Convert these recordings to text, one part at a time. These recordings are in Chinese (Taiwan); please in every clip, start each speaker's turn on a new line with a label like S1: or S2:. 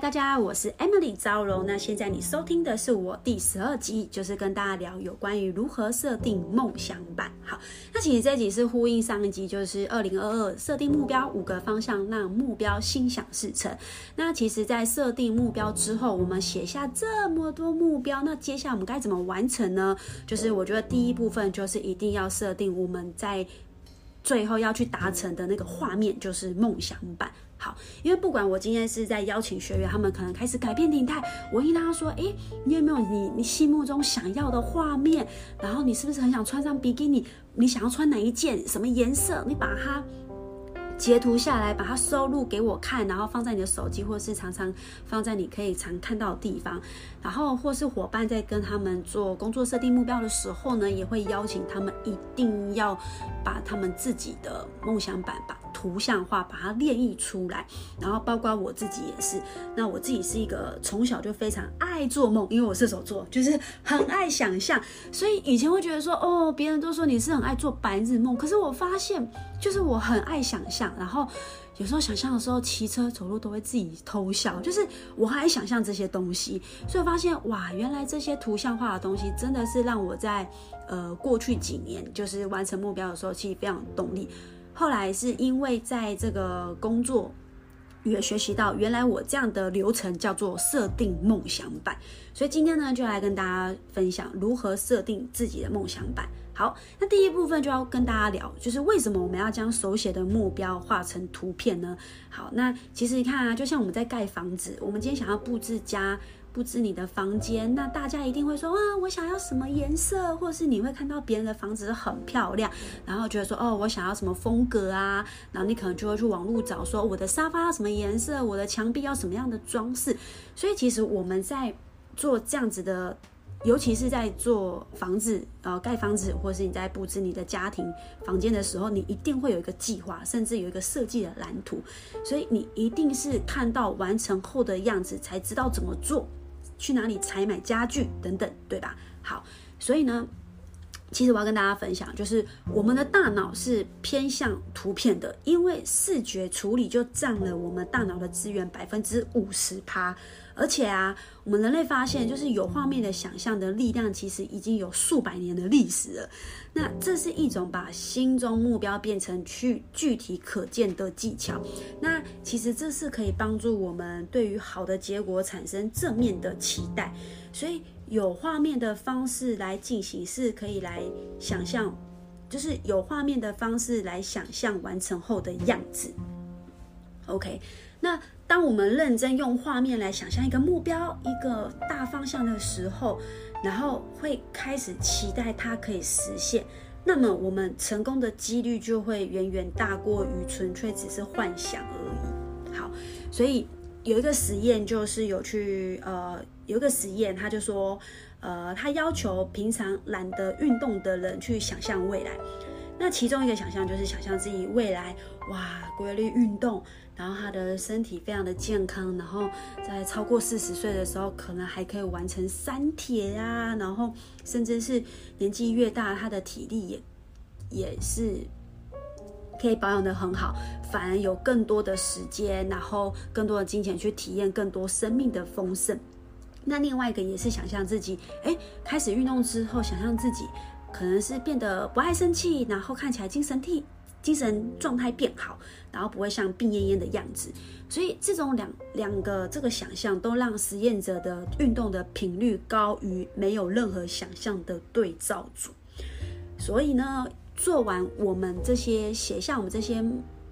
S1: 大家好，我是 Emily 招榮。那現在你收聽的是我第十二集，就是跟大家聊有關於如何設定夢想版。好，那其實這集是呼應上一集，就是二零二二設定目標五個方向，讓目標心想事成。那其實，在設定目標之後，我們寫下這麼多目標，那接下來我們該怎麼完成呢？就是我覺得第一部分就是一定要設定我們在最後要去達成的那個畫面，就是夢想版。好，因為不管我今天是在邀請學員，他們可能開始改變體態，我一跟他說，誒，你有沒有你你心目中想要的畫面？然後你是不是很想穿上比基尼？你想要穿哪一件？什麼顏色？你把它截圖下來，把它收錄給我看，然後放在你的手機，或是常常放在你可以常看到的地方。然後或是伙伴在跟他們做工作設定目標的時候呢，也會邀請他們一定要把他們自己的夢想版吧。圖像化把它練譯出來，然後包括我自己也是。那我自己是一個從小就非常愛做夢，因為我射手座就是很愛想象，所以以前會覺得說哦，別人都說你是很愛做白日夢，可是我發現就是我很愛想象，然後有時候想象的時候騎車走路都會自己偷笑，就是我很愛想象這些東西。所以我發現哇，原來這些圖像化的東西真的是讓我在呃過去幾年就是完成目標的時候，其實非常有動力。後來是因為在這個工作也學習到，原來我這樣的流程叫做設定夢想版，所以今天呢就來跟大家分享如何設定自己的夢想版。好，那第一部分就要跟大家聊，就是為什麼我們要將手寫的目標畫成圖片呢？好，那其實你看啊，就像我們在蓋房子，我們今天想要布置家。佈置你的房間，那大家一定會說啊，我想要什麼顏色，或是你會看到別人的房子很漂亮，然後覺得說哦，我想要什麼風格啊，然後你可能就會去網路找說我的沙發要什麼顏色，我的牆壁要什麼樣的裝飾。所以其實我們在做這樣子的，尤其是在做房子，呃，蓋房子，或是你在佈置你的家庭房間的時候，你一定會有一個計劃，甚至有一個設計的藍圖。所以你一定是看到完成後的樣子，才知道怎麼做。去哪裡採買家具等等，對吧？好，所以呢。其實我要跟大家分享，就是我們的大腦是偏向圖片的，因為視覺處理就占了我們大腦的資源百分之五十趴。而且啊，我們人類發現，就是有畫面的想象的力量，其實已經有數百年的歷史了。那這是一種把心中目標變成去具體可見的技巧。那其實這是可以幫助我們對於好的結果產生正面的期待，所以。有畫面的方式來進行，是可以來想象，就是有畫面的方式來想象完成後的樣子。OK，那當我們認真用畫面來想象一個目標、一個大方向的時候，然後會開始期待它可以實現，那麼我們成功的幾率就會遠遠大過於純粹只是幻想而已。好，所以。有一個實驗，就是有去呃，有一個實驗，他就說，呃，他要求平常懶得運動的人去想象未來。那其中一個想象就是想象自己未來哇，規律運動，然後他的身體非常的健康，然後在超過四十歲的時候，可能還可以完成三鐵啊，然後甚至是年紀越大，他的體力也也是。可以保養得很好，反而有更多的時間，然後更多的金錢去體驗更多生命的豐盛。那另外一個也是想象自己，哎、欸，開始運動之後，想象自己可能是變得不愛生氣，然後看起來精神體、精神狀態變好，然後不會像病懨懨的樣子。所以這種兩兩個這個想象都讓實驗者的運動的頻率高於沒有任何想象的對照組。所以呢，做完我們這些寫下我們這些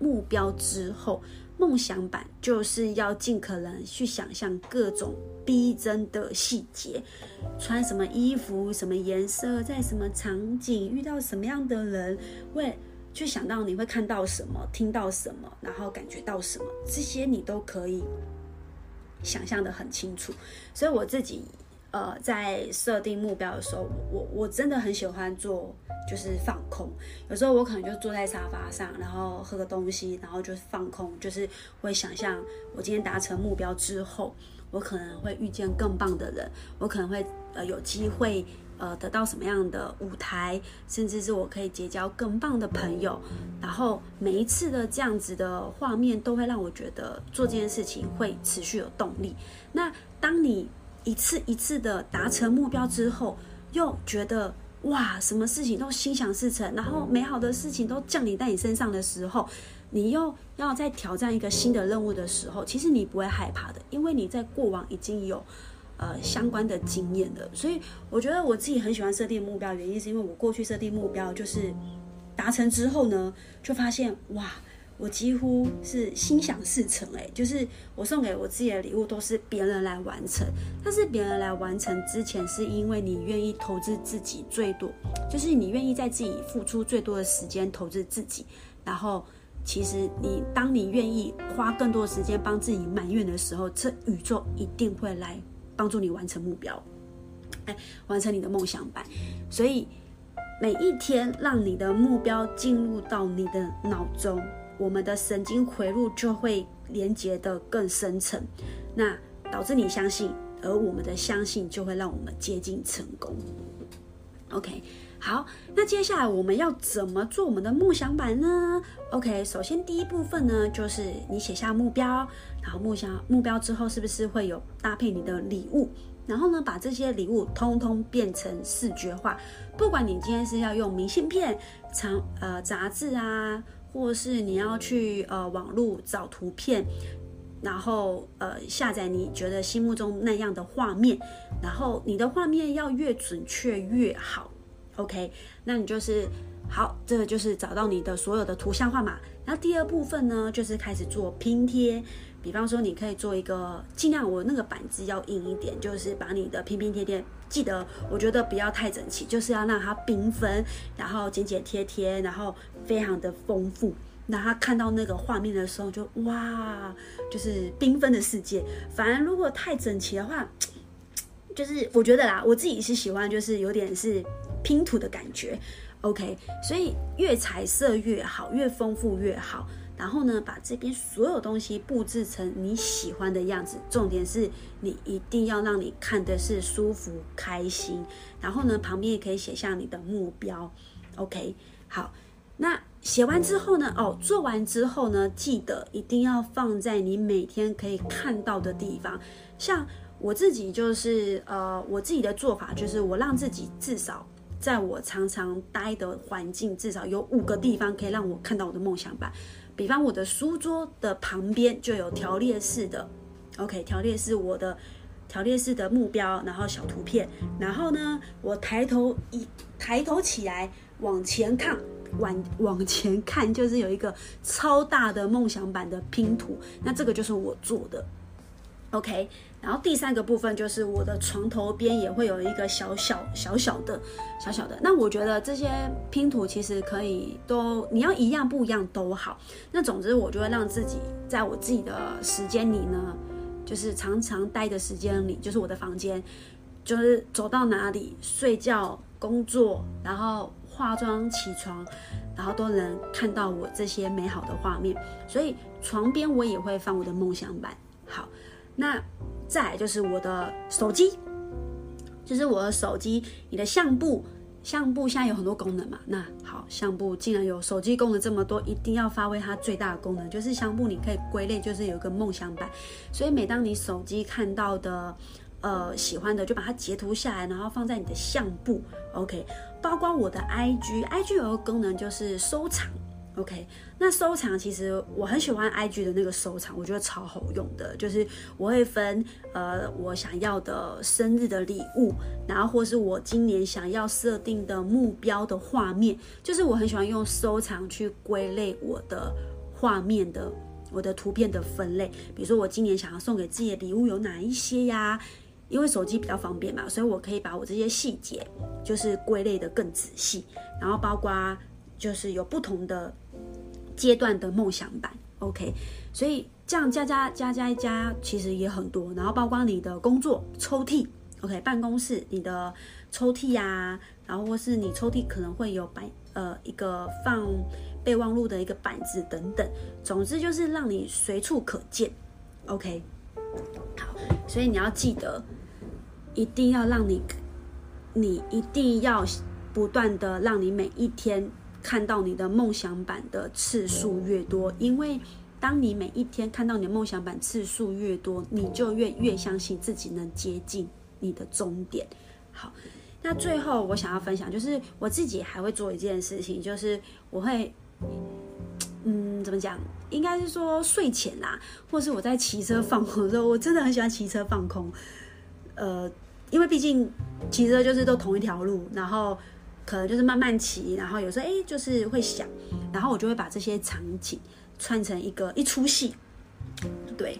S1: 目標之後，夢想版就是要盡可能去想象各種逼真的細節，穿什麼衣服、什麼顏色，在什麼場景、遇到什麼樣的人，會去想到你會看到什麼、聽到什麼，然後感覺到什麼，這些你都可以想象得很清楚。所以我自己。呃，在設定目標的時候，我我我真的很喜歡做，就是放空。有時候我可能就坐在沙發上，然後喝個東西，然後就放空，就是會想象我今天達成目標之後，我可能會遇見更棒的人，我可能會呃有機會呃得到什麼樣的舞台，甚至是我可以結交更棒的朋友。然後每一次的這樣子的畫面，都會讓我覺得做這件事情會持續有動力。那當你。一次一次的達成目標之後，又覺得哇，什麼事情都心想事成，然後美好的事情都降臨在你身上的時候，你又要再挑戰一個新的任務的時候，其實你不會害怕的，因為你在過往已經有呃相關的經驗了，所以我覺得我自己很喜歡設定目標，原因是因為我過去設定目標就是達成之後呢，就發現哇。我幾乎是心想事成、欸，誒，就是我送給我自己的禮物都是別人來完成，但是別人來完成之前，是因為你願意投資自己最多，就是你願意在自己付出最多的時間投資自己，然後其實你當你願意花更多時間幫自己埋怨的時候，這宇宙一定會來幫助你完成目標，誒、哎，完成你的夢想版，所以每一天讓你的目標進入到你的腦中。我們的神經迴路就會連接的更深層，那導致你相信，而我們的相信就會讓我們接近成功。OK，好，那接下來我們要怎麼做我們的夢想版呢？OK，首先第一部分呢，就是你寫下目標，然後目標、目標之後，是不是會有搭配你的禮物？然後呢，把這些禮物通通變成視覺化，不管你今天是要用明信片、長呃雜誌啊。或是你要去呃網絡找圖片，然後呃下載你覺得心目中那樣的畫面，然後你的畫面要越準確越好。OK，那你就是。好，這個就是找到你的所有的圖像畫碼。那第二部分呢，就是開始做拼貼。比方說，你可以做一個盡量我那個板子要硬一點，就是把你的拼拼貼貼。記得，我覺得不要太整齊，就是要讓它繽紛，然後剪剪貼貼，然後非常的豐富。那他看到那個畫面的時候就，就哇，就是繽紛的世界。反而如果太整齊的話，就是我覺得啦，我自己是喜歡，就是有點是拼圖的感覺。OK，所以越彩色越好，越豐富越好。然後呢，把這邊所有東西佈置成你喜歡的樣子。重點是你一定要讓你看的是舒服、開心。然後呢，旁邊也可以寫下你的目標。OK，好。那寫完之後呢？哦，做完之後呢？記得一定要放在你每天可以看到的地方。像我自己就是，呃，我自己的做法就是，我讓自己至少。在我常常待的環境，至少有五個地方可以讓我看到我的夢想版，比方我的書桌的旁邊就有條列式的，OK，條列式我的條列式的目標，然後小圖片。然後呢，我抬頭一抬頭起來，往前看，往往前看就是有一個超大的夢想版的拼圖。那這個就是我做的。OK，然後第三個部分就是我的床頭邊也會有一個小小小小的小小的。那我覺得這些拼圖其實可以都，你要一樣不一樣都好。那總之我就會讓自己在我自己的時間裡呢，就是常常待的時間裡，就是我的房間，就是走到哪裡睡覺、工作，然後化妝、起床，然後都能看到我這些美好的畫面。所以床邊我也會放我的夢想版。好。那再來就是我的手機，就是我的手機，你的相簿，相簿現在有很多功能嘛。那好，相簿既然有手機功能這麼多，一定要發揮它最大的功能。就是相簿你可以歸類，就是有一個夢想版。所以每當你手機看到的，呃，喜歡的就把它截圖下來，然後放在你的相簿。OK，包括我的 IG，IG IG 有一個功能就是收藏。OK，那收藏其實我很喜歡 IG 的那個收藏，我覺得超好用的。就是我會分，呃，我想要的生日的禮物，然後或是我今年想要設定的目標的畫面，就是我很喜歡用收藏去歸類我的畫面的，我的圖片的分類。比如說我今年想要送給自己的禮物有哪一些呀？因為手機比較方便嘛，所以我可以把我這些細節就是歸類的更仔細，然後包括就是有不同的。階段的夢想版，OK，所以這樣加加加加一加，其實也很多。然後包括你的工作抽屜，OK，辦公室你的抽屜呀、啊，然後或是你抽屜可能會有擺，呃一個放備忘錄的一個板子等等，總之就是讓你隨處可見，OK。好，所以你要記得，一定要讓你，你一定要不斷的讓你每一天，看到你的夢想版的次數越多，因為當你每一天看到你的夢想版次數越多，你就越越相信自己能接近你的終點。好，那最後我想要分享就是我自己還會做一件事情，就是我會，嗯，怎麼講？應該是說睡前啦，或是我在騎車放空的時候，我真的很喜歡騎車放空。呃，因為畢竟騎車就是都同一條路，然後。可能就是慢慢騎，然後有時候哎、欸，就是會想，然後我就會把這些場景串成一個一出戲，對，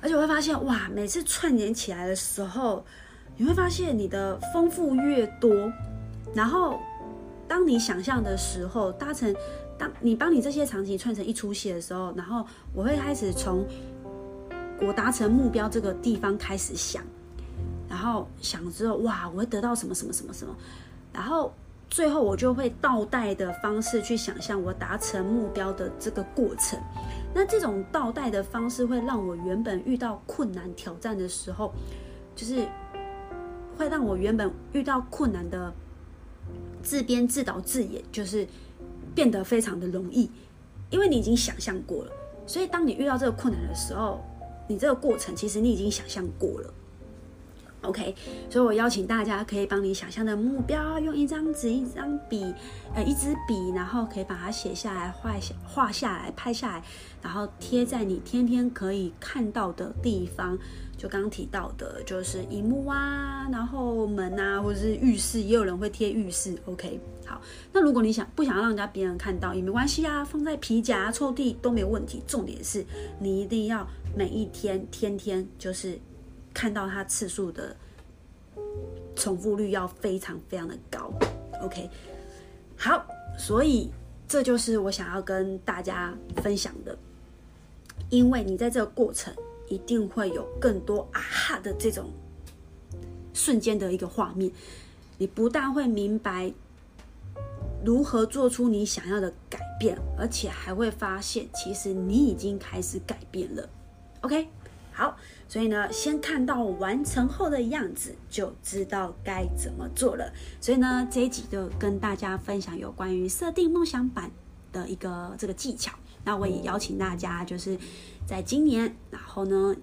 S1: 而且我會發現哇，每次串聯起來的時候，你會發現你的豐富越多，然後當你想象的時候，達成，當你幫你這些場景串成一出戲的時候，然後我會開始從我達成目標這個地方開始想，然後想之後哇，我會得到什麼什麼什麼什麼，然後。最後，我就會倒帶的方式去想象我達成目標的這個過程。那這種倒帶的方式會讓我原本遇到困難挑戰的時候，就是會讓我原本遇到困難的自編自導自演，就是變得非常的容易，因為你已經想象過了。所以，當你遇到這個困難的時候，你這個過程其實你已經想象過了。OK，所以我邀請大家可以幫你想象的目標，用一張紙、一張筆，呃，一支筆，然後可以把它寫下來、畫下、畫下來、拍下來，然後貼在你天天可以看到的地方。就剛剛提到的，就是螢幕啊，然後門啊，或者是浴室，也有人會貼浴室。OK，好，那如果你想不想要讓人家別人看到也沒關係啊，放在皮夾、抽屜都沒有問題。重點是你一定要每一天、天天就是。看到它次數的重複率要非常非常的高，OK，好，所以這就是我想要跟大家分享的。因為你在這個過程一定會有更多啊哈的這種瞬間的一個畫面，你不但會明白如何做出你想要的改變，而且還會發現其實你已經開始改變了，OK。好，所以呢，先看到完成後的樣子，就知道該怎麼做了。所以呢，這一集就跟大家分享有關於設定夢想版的一個這個技巧。那我也邀請大家，就是在今年，然後呢，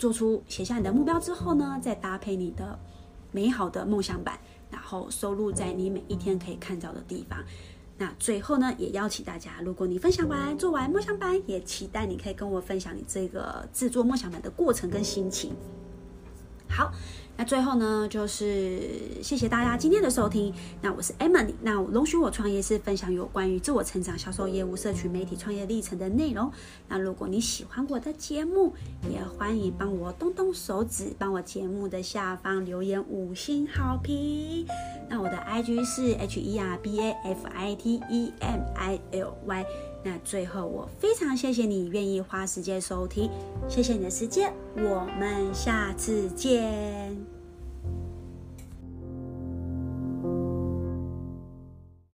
S1: 做出寫下你的目標之後呢，再搭配你的美好的夢想版，然後收錄在你每一天可以看到的地方。那最後呢，也邀請大家，如果你分享完，做完夢想版，也期待你可以跟我分享你這個製作夢想版的過程跟心情。好，那最後呢，就是謝謝大家今天的收聽。那我是 Emily，那我容許我創業是分享有關於自我成長、銷售業務、社群媒體創業歷程的內容。那如果你喜歡我的節目，也歡迎幫我動動手指，幫我節目的下方留言五星好評。那我的 I G 是 H E R B A F I T E M I L Y。那最後我非常謝謝你願意花時間收聽，謝謝你的時間，我們下次見。